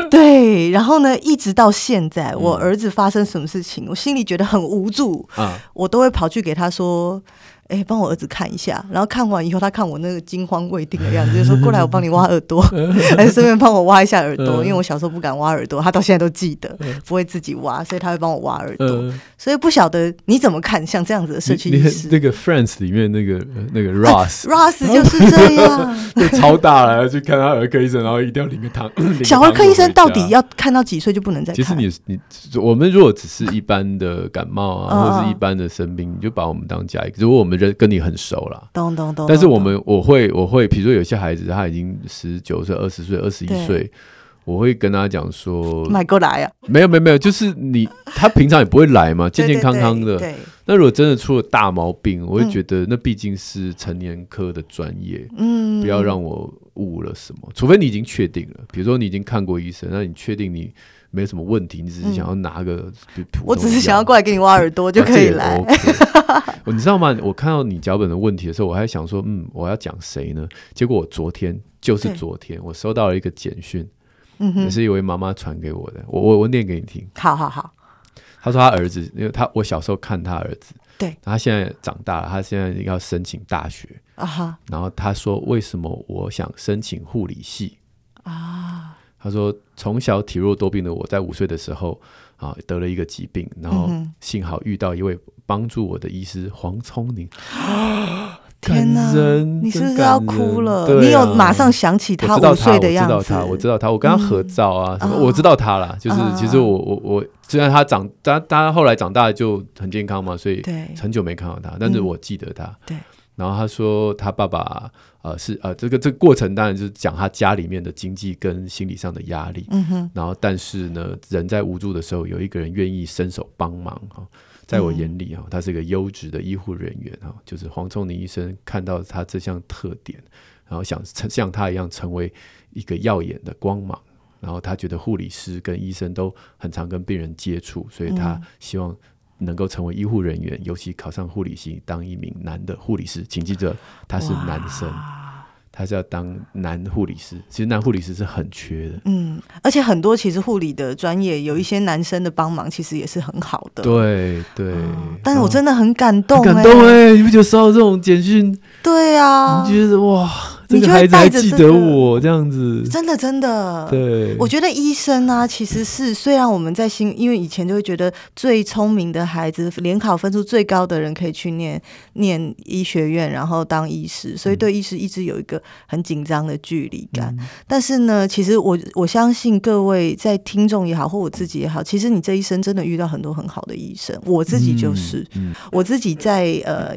對，然後呢，一直到現在、嗯，我兒子發生什麼事情，我心裡覺得很無助、嗯、我都會跑去給他說。哎、欸，幫我兒子看一下，然後看完以後，他看我那個驚慌未定的樣子，就說，過來，我幫你挖耳朵，還是 [LAUGHS] 順便幫我挖一下耳朵、嗯，因為我小時候不敢挖耳朵，他到現在都記得，嗯、不會自己挖，所以他會幫我挖耳朵。嗯、所以不曉得你怎麼看，像這樣子的社區醫
師，那個 Friends 裡面那個那個 Ross，Ross、
啊、就是這樣， [LAUGHS] [LAUGHS] 超
大了，要去看他兒科醫生，然後一定要領個糖。小兒科醫生到底
要看到幾歲就不能再看？
其實你你我們如果只是一般的感冒啊，嗯、或是一般的生病，你就把我們當家如果我們人跟你很熟了，懂懂懂。但是我們我會我會，比如說有些孩子他已經十九歲、二十歲、二十一歲，我會跟他講說買過來啊。沒有沒有沒有，就是你他平常也不會來嘛， [LAUGHS] 健健康康的，對對對，對對對。那如果真的出了大毛病，我會覺得那畢竟是成年科的專業，嗯，不要讓我誤了什麼。除非你已經確定了，比如說你已經看過醫生，那你確定你。沒什麼問題，你只是想要拿個、嗯，我只是想要過來給你挖耳朵就可以來。 [LAUGHS] 啊 OK、 [LAUGHS] 你知道嗎？我看到你腳本的問題的時候，我還想說，嗯，我要講誰呢？結果我昨天就是昨天，我收到了一個簡訊，也是一位媽媽傳給我的。我我念給你聽。好好好。他說他兒子，因為他我小時候看他兒子，對，他現在長大了，他現在要申請大學啊哈、uh -huh。然後他說，為什麼我想申請護理系啊？Uh -huh 他說：“從小體弱多病的我，在五歲的時候啊，得了一個疾病，然後幸好遇到一位幫助我的醫師黃瑽寧、嗯、天哪、啊，
你是不是要哭了？啊、你有馬上想起他五歲的樣子？我知道他，我
知道他，我跟他合照啊，嗯、是是我知道他了、嗯。就是其實我我我，雖然他長大他，他後來長大就很健康嘛，所以很久沒看到他，但是我記得他。嗯”對。然後他說，他爸爸呃，是呃，這個這個過程當然就是講他家裡面的經濟跟心理上的壓力。嗯哼。然後，但是呢，人在無助的時候，有一個人願意伸手幫忙哈、哦，在我眼裡哈、哦，他是一個優質的醫護人員哈、嗯，就是黃瑽寧醫生看到他這項特點，然後想成像他一樣成為一個耀眼的光芒。然後他覺得護理師跟醫生都很常跟病人接觸，所以他希望。能夠成為醫護人員，尤其考上護理系當一名男的護理師，請記得，他是男生，他是要當男護理師。其實男護理師是很缺的，嗯，
而且很多其實護理的專業有一些男生的幫忙，其實也是很好的，對對、嗯。但是我真的很感動、欸，哦，感動哎、
欸！你不覺得收到這種簡訊？
對啊，你覺得哇？你就會、這個這個、
孩子還在記得我這樣子？真的，真的。對，我覺
得醫生啊，其實是雖然我們在心，因為以前就會覺得最聰明的孩子，聯考分數最高的人可以去念念醫學院，然後當醫師，所以對醫師一直有一個很緊張的距離感、嗯。但是呢，其實我我相信各位在聽眾也好，或我自己也好，其實你這一生真的遇到很多很好的醫生。我自己就是，嗯嗯、我自己在呃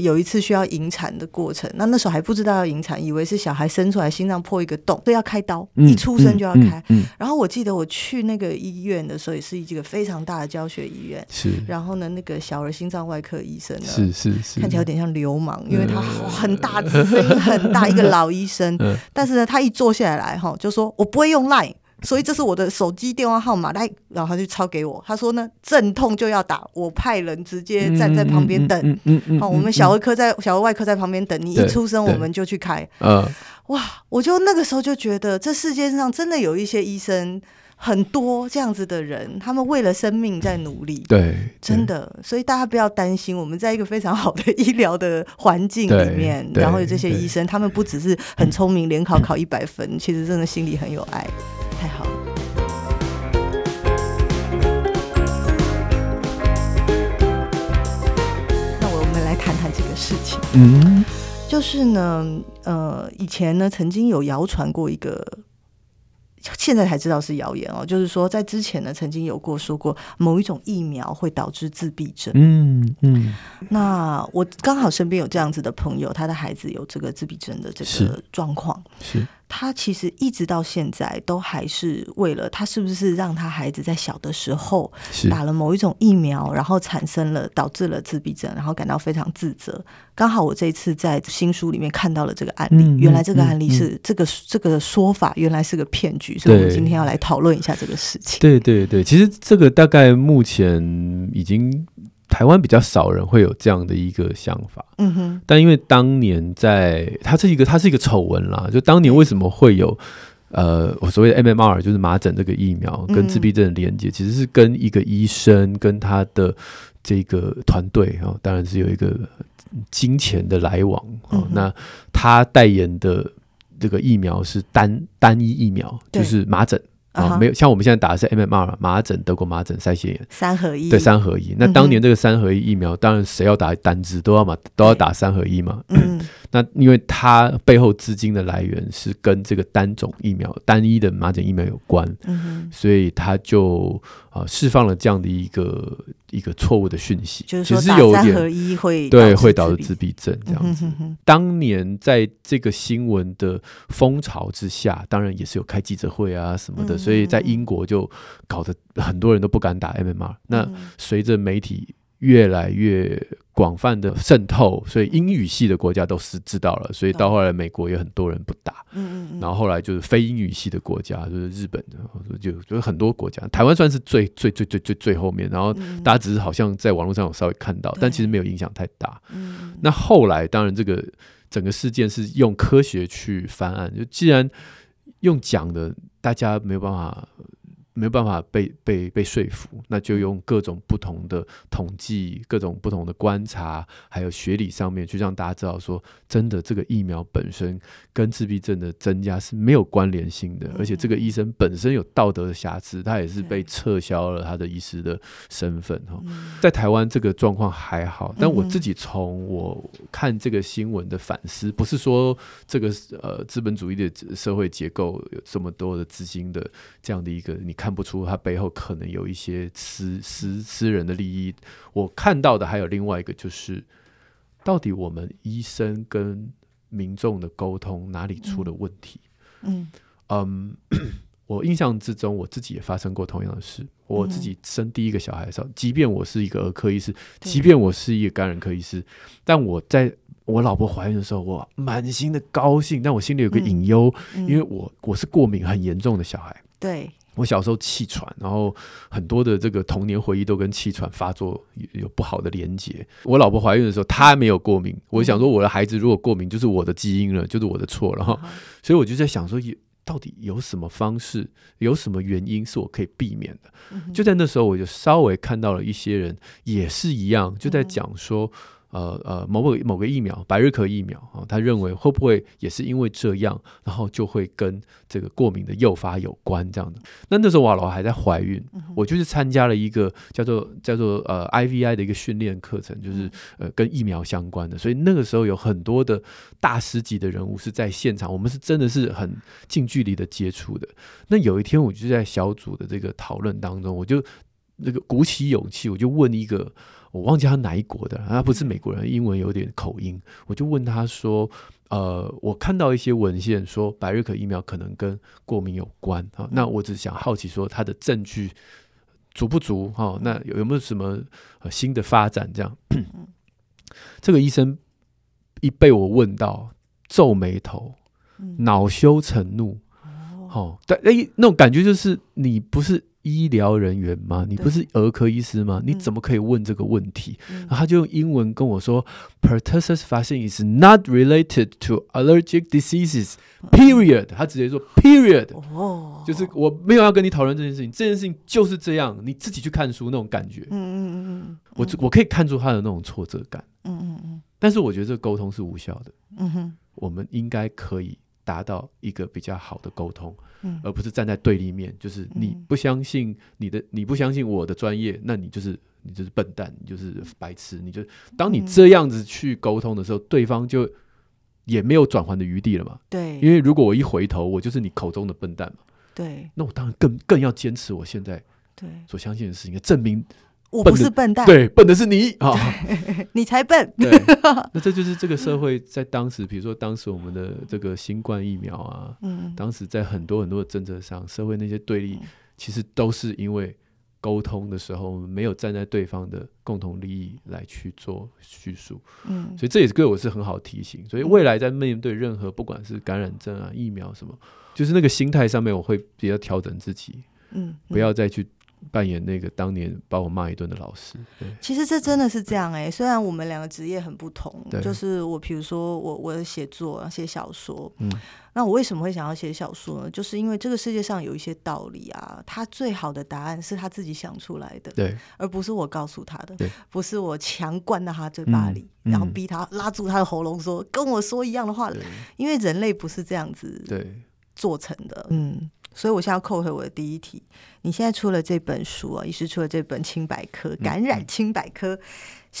有一次需要引產的過程，那那時候還不知道要引產。以為是小孩生出來心臟破一個洞，所以要開刀，嗯、一出生就要開、嗯嗯嗯。然後我記得我去那個醫院的時候，也是一個非常大的教學醫院。然後呢，那個小兒心臟外科醫生呢，看起來有點像流氓，嗯、因為他很大，聲、嗯、音很大、嗯，一個老醫生、嗯。但是呢，他一坐下來哈，就說我不會用 line。所以這是我的手機電話號碼，來，然後他就抄給我。他說呢，陣痛就要打，我派人直接站在旁邊等。嗯嗯嗯。好，嗯嗯嗯哦，我們小兒科在小兒外科在旁邊等，你一出生我們就去開。嗯，哇，我就那個時候就覺得，這世界上真的有一些醫生。很多這樣子的人，他們為了生命在努力對，對，真的，所以大家不要擔心，我們在一個非常好的醫療的環境裡面，然後有這些醫生，他們不只是很聰明，聯考考一百分，嗯，其實真的心裡很有愛，嗯，太好了。那我們來談談這個事情，
嗯，
就是呢，呃，以前呢，曾經有謠傳過一個。現在才知道是謠言哦，就是說在之前呢，曾經有過說過某一種疫苗會導致自閉症。嗯嗯，那我剛好身邊有這樣子的朋友，他的孩子有這個自閉症的這個狀況是。是他其實一直到現在都還是為了他是不是讓他孩子在小的時候打了某一種疫苗，然後產生了導致了自閉症，然後感到非常自責。剛好我這一次在新書裡面看到了這個案例，嗯嗯嗯嗯、原來這個案例是這個這個說法原來是個騙局，所以我今天要來討論一下這個事
情對。對對對，其實這個大概目前已經。台灣比較少人會有這樣的一個想法，嗯哼。但因為當年在它是一個它是一個醜聞啦，就當年為什麼會有、嗯、呃我所謂的 MMR 就是麻疹這個疫苗跟自閉症的連接，嗯，其實是跟一個醫生跟他的這個團隊啊，當然是有一個金錢的來往、哦嗯、那他代言的這個疫苗是單單一疫苗，就是麻疹。啊，沒有，像我們現在打的是 MMR 麻疹、德國麻疹、腮腺炎三合一，對，三合一，嗯。那當年這個三合一疫苗，當然誰要打單支，子都要嘛都要打三合一嘛。嗯。那因為它背後資金的來源是跟這個單種疫苗、單一的麻疹疫苗有關，嗯、所以他就啊呃、釋放了這樣的一個一個錯誤的訊息，就是，其實有點、對，會導致自閉症這樣子、嗯哼哼哼。當年在這個新聞的風潮之下，當然也是有開記者會啊什麼的，嗯、所以在英國就搞得很多人都不敢打 MMR，嗯。那隨着媒體。越來越廣泛的滲透，所以英語系的國家都是知道了，所以到後來美國有很多人不打，然後後來就是非英語系的國家，就是日本，的，就就很多國家，台灣算是最最最最最最後面，然後大家只是好像在網絡上有稍微看到，但其實沒有影響太大。那後來當然這個整個事件是用科學去翻案，就既然用講的，大家沒有辦法。沒有辦法被被被說服，那就用各種不同的統計、各種不同的觀察，還有學理上面，去讓大家知道說，真的這個疫苗本身跟自閉症的增加是沒有關聯性的。嗯、而且這個醫生本身有道德的瑕疵，他也是被撤銷了他的醫師的身份。哈、嗯，在台灣這個狀況還好，但我自己從我看這個新聞的反思，嗯嗯不是說這個呃資本主義的社會結構有這麼多的資金的這樣的一個你看。看不出他背後可能有一些私私私人的利益。我看到的還有另外一個，就是到底我們醫生跟民眾的溝通哪裡出了問題？嗯、um, [COUGHS] 我印象之中，我自己也發生過同樣的事。我自己生第一個小孩的時候，即便我是一個兒科醫師，即便我是一個感染科醫師，但我在我老婆懷孕的時候，我滿心的高興，但我心裡有個隱憂、嗯嗯，因為我我是過敏很嚴重的小孩。對。我小時候氣喘，然後很多的這個童年回憶都跟氣喘發作有不好的連結。我老婆懷孕的時候，她沒有過敏，我想說我的孩子如果過敏就是我的基因了，就是我的錯了，然後所以我就在想說，有到底有什麼方式，有什麼原因是我可以避免的？嗯、就在那時候，我就稍微看到了一些人也是一樣，就在講說。嗯嗯呃呃，某個某個疫苗，百日咳疫苗啊，他、哦、認為會不會也是因為這樣，然後就會跟這個過敏的誘發有關這樣的。那那時候我老婆還在懷孕，我就是參加了一個叫做叫做呃 IVI 的一個訓練課程，就是呃跟疫苗相關的。所以那個時候有很多的大師級的人物是在現場，我們是真的是很近距離的接觸的。那有一天我就在小組的這個討論當中，我就那個鼓起勇氣，我就問一個。我忘記他哪一國的，他不是美國人，英文有點口音，嗯。我就問他說：“呃，我看到一些文獻說，百日咳疫苗可能跟過敏有關啊，哦。那我只想好奇說，他的證據足不足？哈，哦，那有沒有什麼新的發展？這樣，嗯，這個醫生一被我問到，皺眉頭，惱羞成怒。”好、哦，但那、欸、那種感覺就是你不是醫療人員嗎？你不是兒科醫師嗎？你怎麼可以問這個問題？嗯、然後他就用英文跟我說 pertussis vaccine is not related to allergic diseases.、嗯、period. 他直接說、嗯、period，、嗯、就是我沒有要跟你討論這件事情、哦，這件事情就是這樣，你自己去看書那種感覺。嗯嗯嗯，我我可以看出他的那種挫折感。嗯嗯
嗯，
但是我覺得這個溝通是無效的。
嗯
哼，我們應該可以。達到一個比較好的溝通、嗯，而不是站在對立面，就是你不相信你的，嗯、你不相信我的專業，那你就是你就是笨蛋，你就是白痴，你就當你這樣子去溝通的時候、嗯，對方就也沒有轉圜的餘地了嘛？對，因為如果我一回頭，我就是你口中的笨蛋嘛，對，那我當然更更要堅持我現在對所相信的事情，要證明。我不是笨蛋笨的，對，笨的是你啊！ [LAUGHS] 你才笨，對。那這就是這個社會在當時，比如說當時我們的這個新冠疫苗啊，嗯、當時在很多很多的政策上，社會那些對立，其實都是因為溝通的時候、嗯、沒有站在對方的共同利益來去做敘述。嗯、所以這也是對我是很好提醒。所以未來在面對任何不管是感染症啊、疫苗什麼，就是那個心態上面，我會比較調整自己，嗯嗯、不要再去。扮演那個當年把我罵一頓的老師對，其實
這真的是這樣哎、欸。雖然我們兩個職業很不同，就是我，比如說我，我寫作寫小說，嗯，那我為什麼會想要寫小說呢、嗯？就是因為這個世界上有一些道理啊，他最好的答案是他自己想出來的，對，而不是我告訴他的，不是我強灌到他嘴巴裡，嗯、然後逼他拉住他的喉嚨說跟我說一樣的話，因為人類不是這樣子對做成的，嗯。所以我現在要扣回我的第一題。你現在出了這本書啊，一是出了這本《輕百科》，嗯，感染《輕百科》。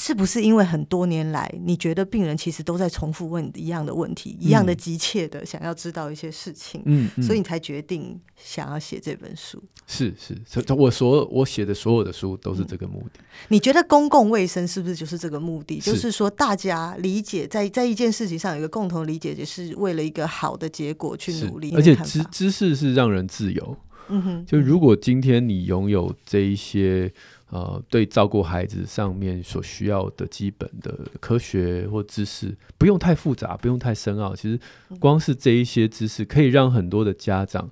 是不是因為很多年來，你覺得病人其實都在重複問一樣的問題，嗯、一樣的急切的想要知道一些事情，嗯，嗯，所以你才決定想要寫這本書？
是是，我所我寫的所有的書都是這個目的。嗯、
你覺得公共衛生是不是就是這個目的？是，就是說大家理解，在在一件事情上有一個共同理解，也是為了一個好的結果去努力。而且知
知識是讓人自由。嗯哼，就如果今天你擁有這一些。呃，對照顧孩子上面所需要的基本的科學或知識，不用太複雜，不用太深奧。其實，光是這一些知識，可以讓很多的家長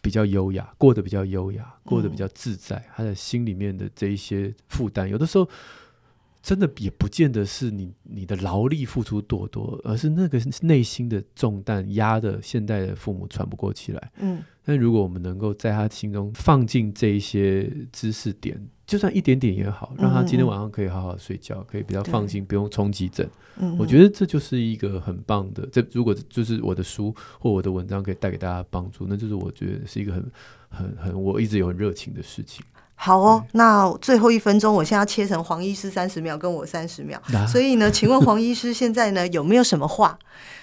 比較優雅，過得比較優雅，過得比較自在。嗯。他的心裡面的這一些負擔，有的時候真的也不見得是你你的勞力付出多多，而是那個內心的重擔壓得現代的父母喘不過氣來。嗯。但如果我們能夠在他心中放進這一些知識點，就算一點點也好，讓他今天晚上可以好好睡覺，嗯嗯，可以比較放心，不用衝急診嗯嗯。我覺得這就是一個很棒的。這如果就是我的書或我的文章可以帶給大家幫助，那就是我覺得是一個很、很、很我一直有很熱情的事情。
好哦，那最後一分鐘，我現在要切成黃醫師三十秒,秒，跟我三十秒。所以呢，請問黃醫師現在呢有沒有什麼話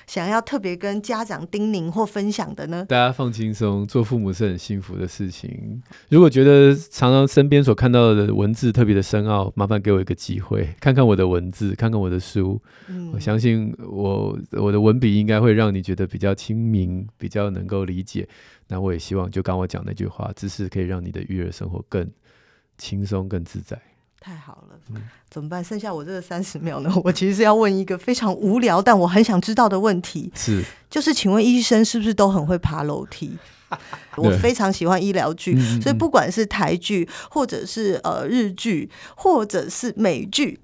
想要特別跟家長叮嚀或分享的呢？
大家放輕鬆，做父母是很幸福的事情。如果覺得常常身邊所看到的文字特別的深奧，麻煩給我一個機會，看看我的文字，看看我的書。嗯、我相信我我的文筆應該會讓你覺得比較親民，比較能夠理解。那我也希望就剛我講那句話，知識可以讓你的育兒生活更。輕鬆更自在，
太好了。怎麼辦？剩下我這個三十秒呢？我其實要問一個非常無聊，但我很想知道的問題是：就是請問醫生是不是都很會爬樓梯？ [LAUGHS] 我非常喜歡醫療劇， [LAUGHS] 所以不管是台劇，或者是呃日劇，或者是美劇。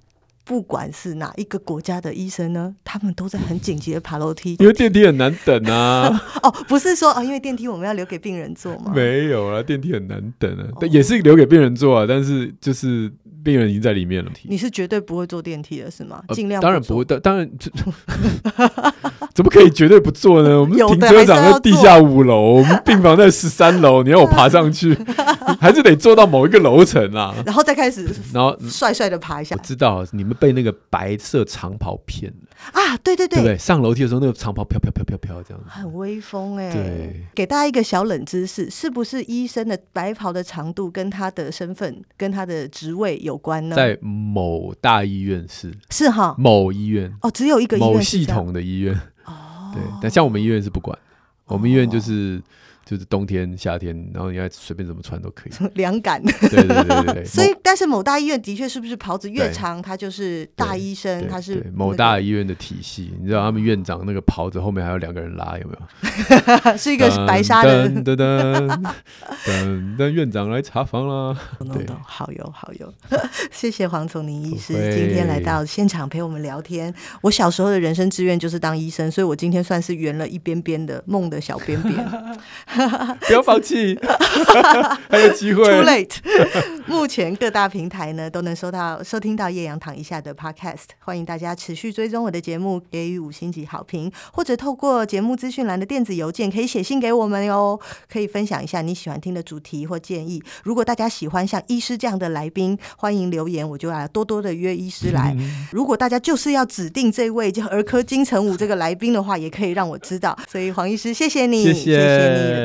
不管是哪一個國家的醫生呢，他們都在很緊急的爬樓梯， [LAUGHS] 因為
電梯很難等啊！
[LAUGHS] 哦，不是說啊，因為電梯我們要留給病人坐嘛？沒
有啊，電梯很難等啊，哦、但也是留給病人坐啊，但是就是病人已經在裡面了。
你是絕對不會坐電梯的是嗎？盡、呃、量不坐當然不
會，當然。怎麼可以絕對不坐呢？我們停車場在地下五樓，我們病房在十三樓， [LAUGHS] 你要我爬上去，還是得坐到某一個樓層啊？然後再開始，然後
帥帥的爬一下。嗯，我
知道你們被那個白色長袍騙了。
啊，對對對，對不對？
上樓梯的時候，那個長袍飄飄飄飄飄，這樣子，
很威風哎、欸。對，給大家一個小冷知識，是不是醫生的白袍的長度跟他的身份、跟他的職位有關呢？在
某大醫院是是哈，某醫院哦，只有一個醫院某系統的醫院哦，對。但像我們醫院是不管，哦、我們醫院就是。就是冬天、夏天，然後你愛隨便怎麼穿都可以。涼感。對對對對，對。 [LAUGHS] 所以，但是某大醫
院的確，是不是袍子越長，他就是大醫生？他是對對對對，某
大醫院的體系，你知道他們院長那個袍子後面還有兩個人拉，有沒有
[LAUGHS] 是一個白紗的。噔噔噔！
但院長來查房啦。 [LAUGHS] 好有好有
[LAUGHS] 謝謝黃瑽寧醫師今天來到現場陪我們聊天。我小時候的人生志願就是當醫生，所以我今天算是圓了一邊邊的夢的小邊邊。 [LAUGHS] 不要放棄， [LAUGHS] [LAUGHS] 還有機會。Too late。 [LAUGHS] 目前各大平台呢都能收到、收聽到葉揚躺一下的 Podcast，歡迎大家持續追蹤我的節目，給予五星級好評，或者透過節目資訊欄的電子郵件可以寫信給我們哦。可以分享一下你喜歡聽的主題或建議。如果大家喜歡像醫師這樣的來賓，歡迎留言，我就要多多的約醫師來。嗯、如果大家就是要指定這位叫兒科金城武這個來賓的話，也可以讓我知道。所以黃醫師，謝謝你，謝謝，謝、謝你。